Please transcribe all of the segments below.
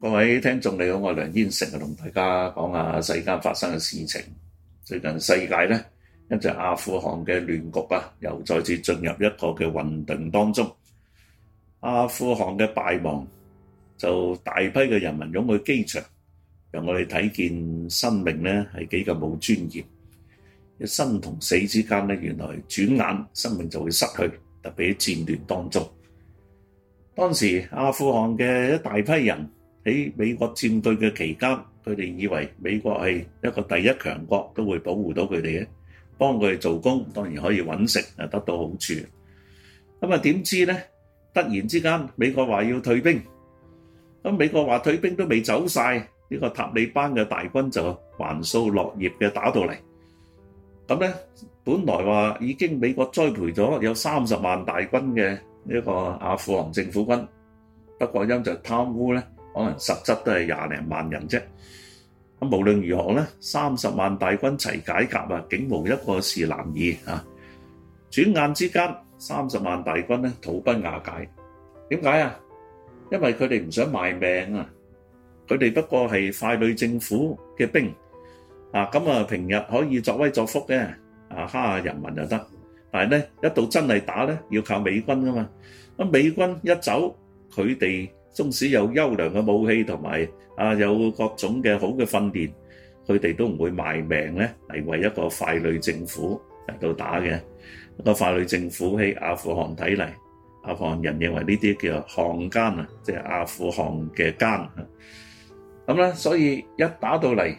各位聽眾你好，我係梁燕成啊，同大家講下世間發生嘅事情。最近世界咧，因為阿富汗嘅亂局啊，又再次進入一個嘅混沌當中。阿富汗嘅敗亡，就大批嘅人民湧去機場，讓我哋睇見生命咧係幾咁冇尊嚴。生同死之間咧，原來轉眼生命就會失去，特別喺戰亂當中。當時阿富汗嘅一大批人。喺美國佔據嘅期間，佢哋以為美國係一個第一強國，都會保護到佢哋嘅，幫佢哋做工，當然可以搵食，又得到好處。咁啊，點知咧？突然之間，美國話要退兵，咁美國話退兵都未走晒，呢個塔利班嘅大軍就橫掃落葉嘅打到嚟。咁咧，本來話已經美國栽培咗有三十萬大軍嘅呢個阿富汗政府軍，不過因就貪污咧。可能實質都係廿零萬人啫。咁無論如何咧，三十萬大軍齊解甲啊，竟無一個是男兒啊。轉眼之間，三十萬大軍咧，土崩瓦解。點解啊？因為佢哋唔想賣命啊。佢哋不過係傀儡政府嘅兵啊。咁啊，平日可以作威作福嘅啊，蝦下人民又得。但係咧，一到真係打咧，要靠美軍㗎嘛。咁美軍一走，佢哋。縱使有優良嘅武器同埋啊，有各種嘅好嘅訓練，佢哋都唔會賣命嚟，係為一個傀儡政府嚟到打嘅。一個傀儡政府喺阿富汗睇嚟，阿富汗人認為呢啲叫做漢奸啊，即係阿富汗嘅奸。咁咧，所以一打到嚟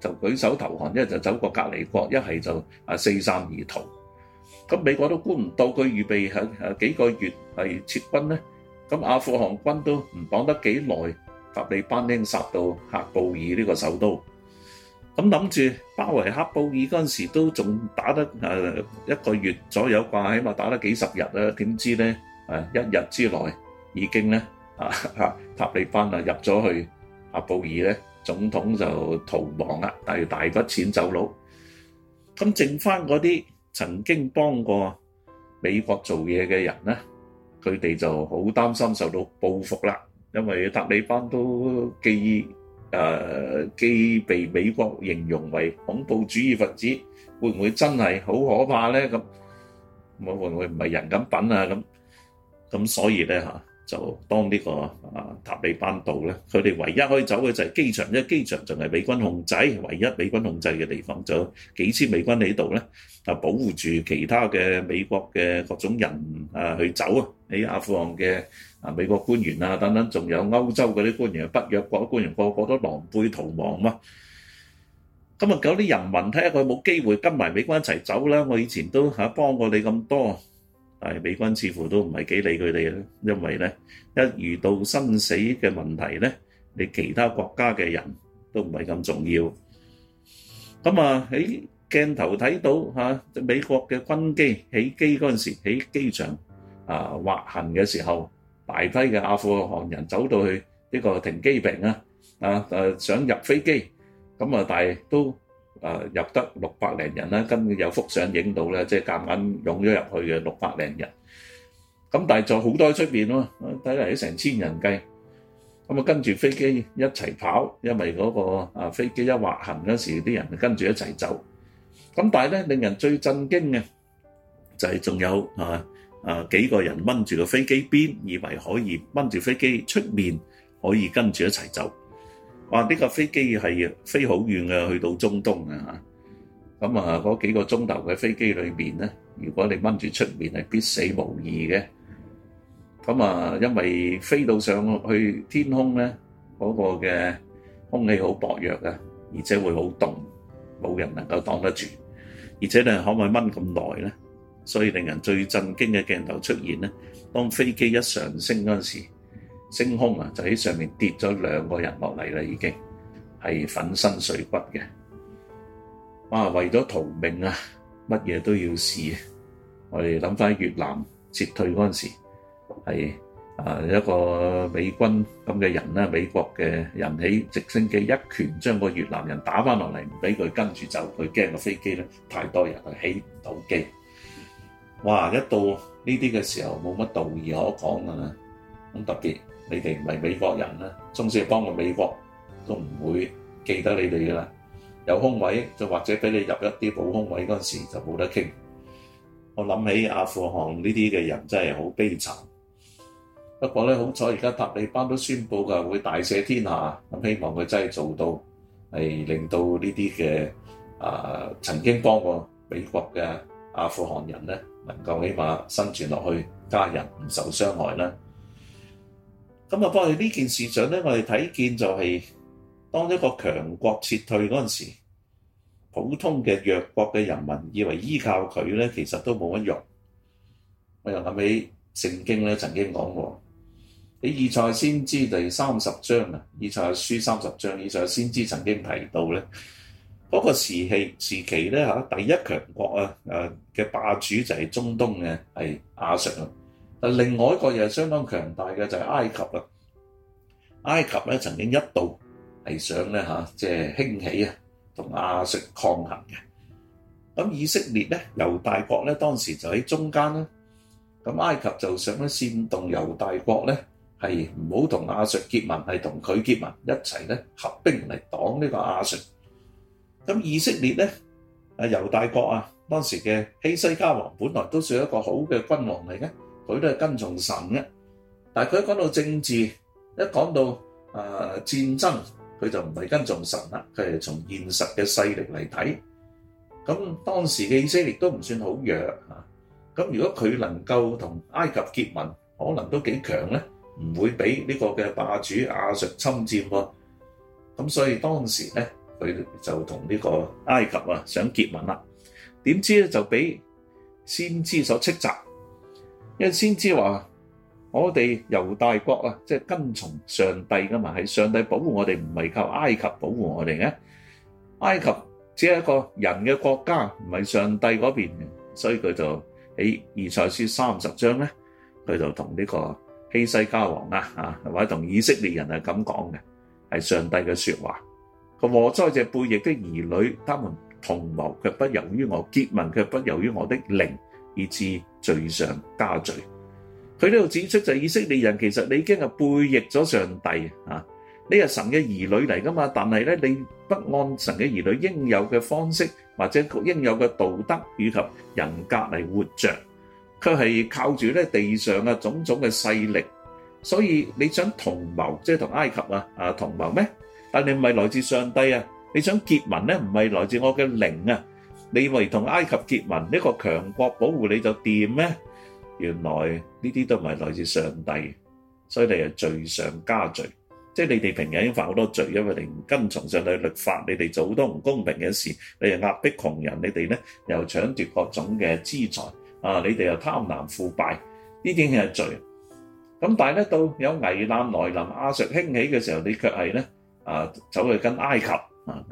就舉手投降，一就走過隔離國，一係就啊四散而逃。咁美國都估唔到佢預備係係幾個月係撤軍呢，咁阿富汗軍都唔擋得幾耐，塔利班已經殺到喀布爾呢個首都。咁諗住包圍喀布爾嗰陣時都仲打得誒一個月左右啩，起碼打得幾十日啦。點知咧誒一日之內已經咧啊嚇塔利班啊入咗去喀布爾咧，總統就逃亡啦，帶住大筆錢走佬。咁剩返嗰啲曾經幫過美國做嘢嘅人咧？佢哋就好擔心受到報復啦，因為塔利班都既誒、呃、既被美國形容為恐怖主義分子，會唔會真係好可怕咧？咁會唔會唔係人咁品啊？咁咁所以咧嚇，就當呢、呢個啊塔利班到咧，佢哋唯一可以走嘅就係機場，因為機場就係美軍控制，唯一美軍控制嘅地方就幾千美軍喺度咧啊，保護住其他嘅美國嘅各種人。誒去走啊！誒阿富汗嘅啊美國官員啊等等，仲有歐洲嗰啲官員啊，北約國嘅官員個個都狼狽逃亡嘛。咁啊，嗰啲人民睇下佢有冇機會跟埋美軍一齊走啦。我以前都嚇幫過你咁多，但係美軍似乎都唔係幾理佢哋咧，因為咧一遇到生死嘅問題咧，你其他國家嘅人都唔係咁重要。咁啊，喺～鏡頭睇到嚇，美國嘅軍機起機嗰陣時，喺機場啊滑行嘅時候，大批嘅阿富汗人走到去呢個停機坪啊啊，誒想入飛機，咁啊，但係都誒入得六百零人啦，跟住有幅相影到咧，即係夾硬湧咗入去嘅六百零人，咁但係就好多喺出邊囉，睇嚟成千人計，咁啊跟住飛機一齊跑，因為嗰個啊飛機一滑行嗰陣時，啲人就跟住一齊走。咁但係咧，令人最震驚嘅就係仲有啊啊幾個人掹住個飛機邊，以為可以掹住飛機出面，可以跟住一齊走。哇！呢個飛機係飛好遠嘅，去到中東啊！咁啊，嗰幾個鐘頭嘅飛機裏面咧，如果你掹住出面，係必死無疑嘅。咁啊，因為飛到上去天空咧，嗰個嘅空氣好薄弱啊，而且會好凍，冇人能夠擋得住。而且咧可唔可以掹咁耐呢？所以令人最震驚嘅鏡頭出現咧，當飛機一上升嗰陣時，升空啊就喺上面跌咗兩個人落嚟啦，已經係粉身碎骨嘅。哇！為咗逃命啊，乜嘢都要試。我哋諗翻越南撤退嗰陣時啊！一個美軍咁嘅人呢，美國嘅人喺直升機一拳將個越南人打翻落嚟，唔俾佢跟住走，佢驚個飛機咧，太多人，起唔到機。哇！一到呢啲嘅時候冇乜道義可講㗎喇！咁特別你哋唔係美國人呢，縱使幫過美國都唔會記得你哋㗎喇。有空位就或者俾你入一啲補空位嗰時，就冇得傾。我諗起阿富汗呢啲嘅人真係好悲慘。不過咧，好彩而家塔利班都宣布咗會大赦天下，咁希望佢真係做到，係令到呢啲嘅啊曾經幫過美國嘅阿富汗人咧，能夠起碼生存落去，家人唔受傷害啦。咁啊，不過呢件事上咧，我哋睇見就係、是、當一個強國撤退嗰陣時，普通嘅弱國嘅人民以為依靠佢咧，其實都冇乜用。我又諗起聖經咧曾經講過。你《以賽先知》第三十章啊，《以賽書》三十章，以章《以賽先知》曾經提到咧，嗰、那個時期咧嚇，第一強國啊，誒嘅霸主就係中東嘅係亞述啊。誒，另外一個又係相當強大嘅就係埃及啦。埃及咧曾經一度係想咧嚇，即、啊、係、就是、興起啊，同亞述抗衡嘅。咁以色列咧，猶大國咧，當時就喺中間啦。咁埃及就想咧煽動猶大國咧。係唔好同亞述結盟，係同佢結盟一齊咧合兵嚟擋呢個亞述。咁以色列咧啊，猶大國啊，當時嘅希西家王本來都算一個好嘅君王嚟嘅，佢都係跟從神嘅。但係佢一講到政治，一講到啊戰爭，佢就唔係跟從神啦。佢係從現實嘅勢力嚟睇。咁當時嘅以色列都唔算好弱啊。咁如果佢能夠同埃及結盟，可能都幾強咧。唔會俾呢個嘅霸主亞述侵佔喎，咁所以當時咧佢就同呢個埃及啊想結盟啦。點知咧就俾先知所斥責，因為先知話我哋猶大國啊，即係跟從上帝噶嘛，係上帝保護我哋，唔係靠埃及保護我哋嘅。埃及只係一個人嘅國家，唔係上帝嗰邊嘅，所以佢就喺以賽亞書三十章咧，佢就同呢個。希西家王啦，啊，或者同以色列人係咁講嘅，係上帝嘅說話。禍哉者背逆的兒女，他們同謀卻不由於我，結盟卻不由於我的靈，以致罪上加罪。佢呢度指出就以色列人，其實你已經係背逆咗上帝啊！你係神嘅兒女嚟噶嘛？但係咧，你不按神嘅兒女應有嘅方式，或者應有嘅道德以及人格嚟活着。佢係靠住咧地上啊種種嘅勢力，所以你想同謀，即係同埃及啊啊同謀咩？但你唔係來自上帝啊！你想結盟咧，唔係來自我嘅靈啊！你以為同埃及結盟，呢個強國保護你就掂咩？原來呢啲都唔係來自上帝，所以你係罪上加罪，即係你哋平日已經犯好多罪，因為你唔跟從上帝律法，你哋做好多唔公平嘅事，你又壓迫窮人，你哋咧又搶奪各種嘅資財。啊！你哋又貪婪腐敗，呢啲係罪。咁但係咧，到有危難來臨，阿術興起嘅時候，你卻係咧啊，走去跟埃及啊。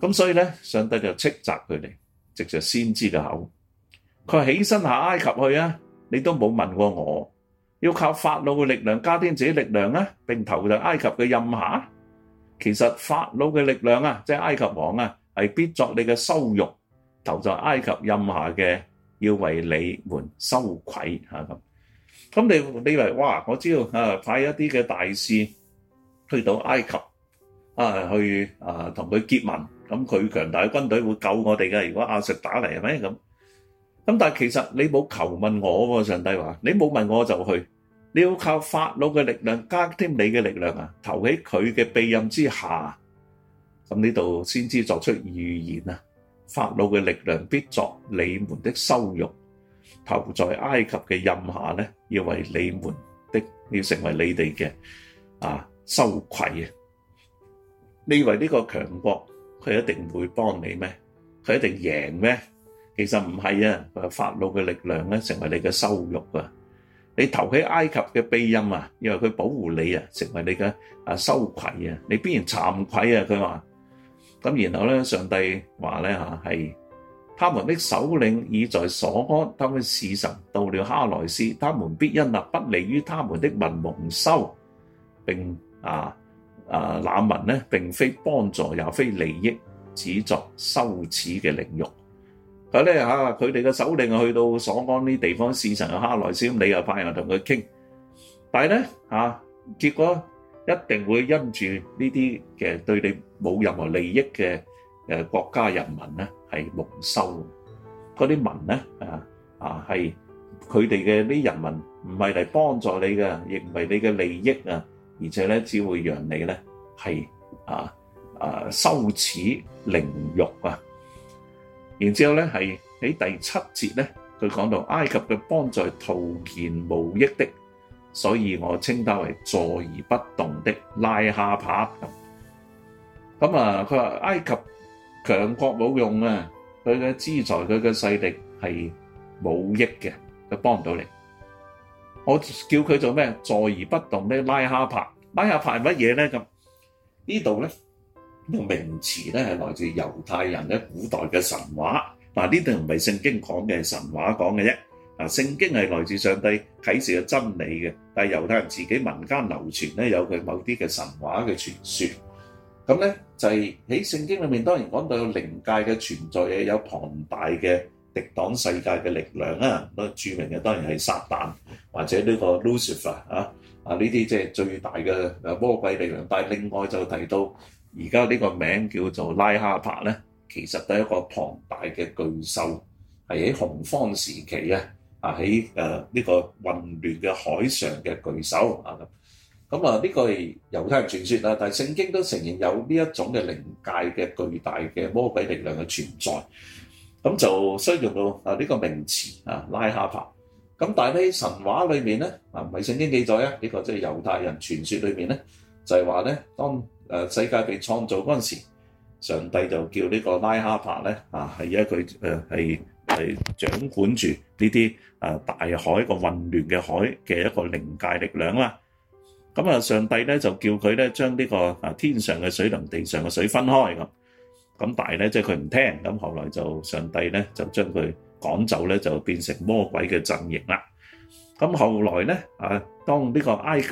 咁所以咧，上帝就斥責佢哋，藉著先知嘅口，佢起身下埃及去啊。你都冇問過我，要靠法老嘅力量加添自己力量啊，並投在埃及嘅任下。其實法老嘅力量啊，即係埃及王啊，係必作你嘅羞辱，投在埃及任下嘅。要為你們羞愧嚇，咁，咁你你以為哇，我知道啊，派一啲嘅大使去到埃及啊去啊同佢結盟，咁佢強大嘅軍隊會救我哋㗎，如果亞述打嚟係咩咁？咁但係其實你冇求問我喎，上帝話你冇問我就去，你要靠法老嘅力量加添你嘅力量啊，投喺佢嘅庇蔭之下，咁呢度先至作出預言啊！法老嘅力量必作你們的羞辱，投在埃及嘅陰下咧，要為你們的，要成為你哋嘅啊羞愧啊！你以為呢個強國佢一定會幫你咩？佢一定贏咩？其實唔係啊！法老嘅力量咧，成為你嘅羞辱啊！你投喺埃及嘅庇蔭啊，因為佢保護你啊，成為你嘅啊羞愧啊！你必然慚愧啊！佢話。咁然後咧，上帝話咧嚇係，他們的首領已在瑣安，他們使臣到了哈萊斯，他們必因那不利於他們的民蒙羞。並啊啊那民咧並非幫助，也非利益，只作羞恥嘅凌辱。佢咧嚇，佢哋嘅首領去到瑣安呢地方，使臣去哈萊斯，你又派人同佢傾，但係咧嚇，結果。一定會因住呢啲嘅對你冇任何利益嘅誒國家人民咧係蒙羞嘅，嗰啲民咧啊啊係佢哋嘅啲人民唔係嚟幫助你嘅，亦唔係你嘅利益啊，而且咧只會讓你咧係啊啊羞恥凌辱啊！然之後咧係喺第七節咧，佢講到埃及嘅幫助徒然無益的。所以我稱它為坐而不動的拉哈帕。咁。咁啊，佢話埃及強國冇用啊，佢嘅資財佢嘅勢力係冇益嘅，佢幫唔到你。我叫佢做咩？坐而不動咩？拉哈帕，拉哈帕係乜嘢呢？咁呢度咧、呢個名詞咧係來自猶太人嘅古代嘅神話。嗱、啊，呢度唔係聖經講嘅神話講嘅啫。啊！聖經係來自上帝啟示嘅真理嘅，但係猶太人自己民間流傳咧，有佢某啲嘅神話嘅傳說。咁咧就係喺聖經裏面，當然講到有靈界嘅存在嘢，有龐大嘅敵擋世界嘅力量啦都啊！著名嘅當然係撒旦或者呢個 Lucifer 啊，啊呢啲即係最大嘅魔鬼力量。但係另外就提到而家呢個名叫做拉哈帕咧，其實都係一個龐大嘅巨獸，係喺洪荒時期啊！啊喺誒呢個混亂嘅海上嘅巨手啊，咁，咁啊呢個係猶太人傳說啦，但係聖經都承認有呢一種嘅靈界嘅巨大嘅魔鬼力量嘅存在，咁就需要用到啊呢個名詞啊拉哈帕。咁但係喺神話裏面咧，啊唔係《聖經》記載啊，呢個即係猶太人傳說裏面咧，就係話咧，當誒世界被創造嗰陣時，上帝就叫呢個拉哈帕咧啊，係因為佢誒係。係掌管住呢啲誒大海個混亂嘅海嘅一個靈界力量啦。咁啊，上帝咧就叫佢咧將呢個誒天上嘅水同地上嘅水分開咁。咁但係咧，即係佢唔聽咁，後來就上帝咧就將佢趕走咧，就變成魔鬼嘅陣營啦。咁後來咧啊，當呢個埃及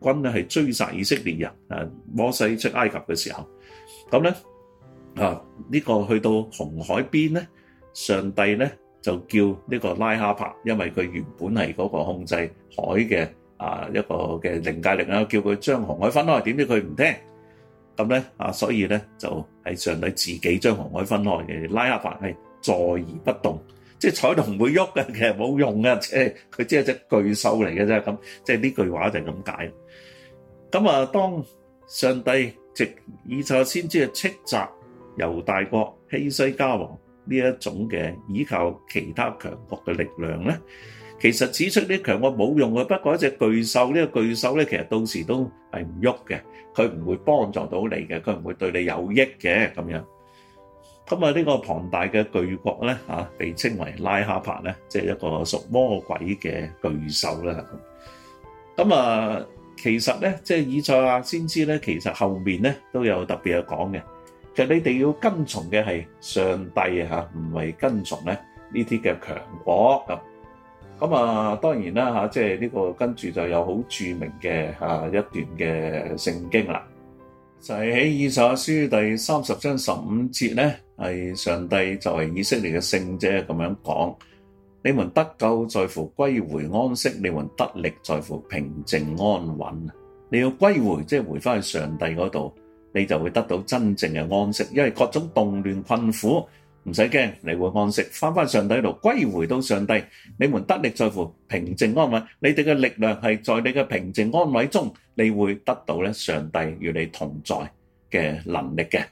軍咧係追殺以色列人啊，摩西出埃及嘅時候，咁咧啊呢個去到紅海邊咧。上帝咧就叫呢個拉哈柏，因為佢原本係嗰個控制海嘅啊一個嘅靈界力啦，叫佢將紅海分開。點知佢唔聽，咁咧啊，所以咧就係、是、上帝自己將紅海分開嘅。拉哈柏係坐而不動，即係彩都唔會喐嘅，其實冇用嘅，即係佢只係隻巨獸嚟嘅啫。咁即係呢句話就係咁解。咁、嗯、啊，當上帝藉以撒先知斥責猶大國希西家王。呢一種嘅依靠其他強國嘅力量咧，其實指出啲強國冇用嘅。不過一隻巨獸呢、呢個巨獸咧，其實到時都係唔喐嘅，佢唔會幫助到你嘅，佢唔會對你有益嘅咁樣。咁啊呢、呢個龐大嘅巨國咧嚇、啊，被稱為拉哈帕咧，即係一個屬魔鬼嘅巨獸啦。咁啊，其實咧即係以賽亞先知咧，其實後面咧都有特別嘅講嘅。其實你哋要跟從嘅係上帝嚇，唔係跟從咧呢啲嘅強國咁。咁啊，當然啦嚇，即係呢個跟住就有好著名嘅嚇一段嘅聖經啦。就係喺以賽書第三十章十五節咧，係上帝就係以色列嘅聖者咁樣講：你們得救在乎歸回安息，你們得力在乎平靜安穩。你要歸回，即係回返去上帝嗰度。你就會得到真正嘅安息，因為各種動亂困苦唔使驚，你會安息，返返上帝度，歸回到上帝。你們得力在乎平靜安穩，你哋嘅力量係在你嘅平靜安穩中，你會得到咧上帝與你同在嘅能力嘅。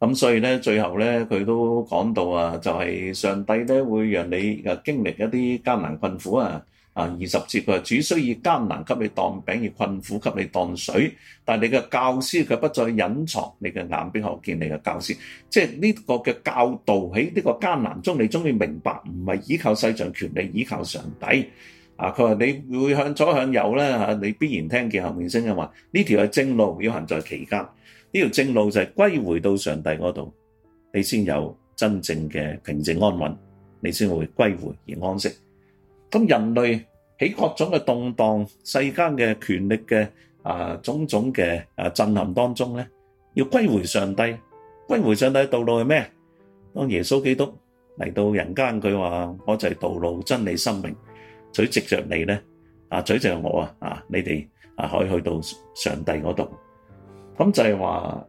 咁、嗯、所以咧，最後咧佢都講到啊，就係、是、上帝咧會讓你嘅經歷一啲艱難困苦啊。啊！二十節佢話：主需要艱難給你當餅，以困苦給你當水。但係你嘅教師佢不再隱藏你嘅眼，邊後見你嘅教師，即係呢個嘅教導喺呢個艱難中，你終於明白，唔係依靠世上權力，依靠上帝。啊！佢話：你會向左向右咧嚇，你必然聽見後面聲音嘅話。呢條係正路，要行在其間。呢條正路就係歸回到上帝嗰度，你先有真正嘅平靜安穩，你先會歸回而安息。咁人類喺各種嘅動盪、世間嘅權力嘅啊種種嘅啊震撼當中咧，要歸回上帝。歸回上帝嘅道路係咩？當耶穌基督嚟到人間，佢話：我就係道路、真理、生命，取藉著你咧，啊，取藉著我啊，啊，你哋啊可以去到上帝嗰度。咁就係話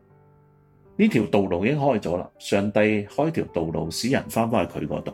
呢條道路已經開咗啦。上帝開條道路，使人翻返去佢嗰度。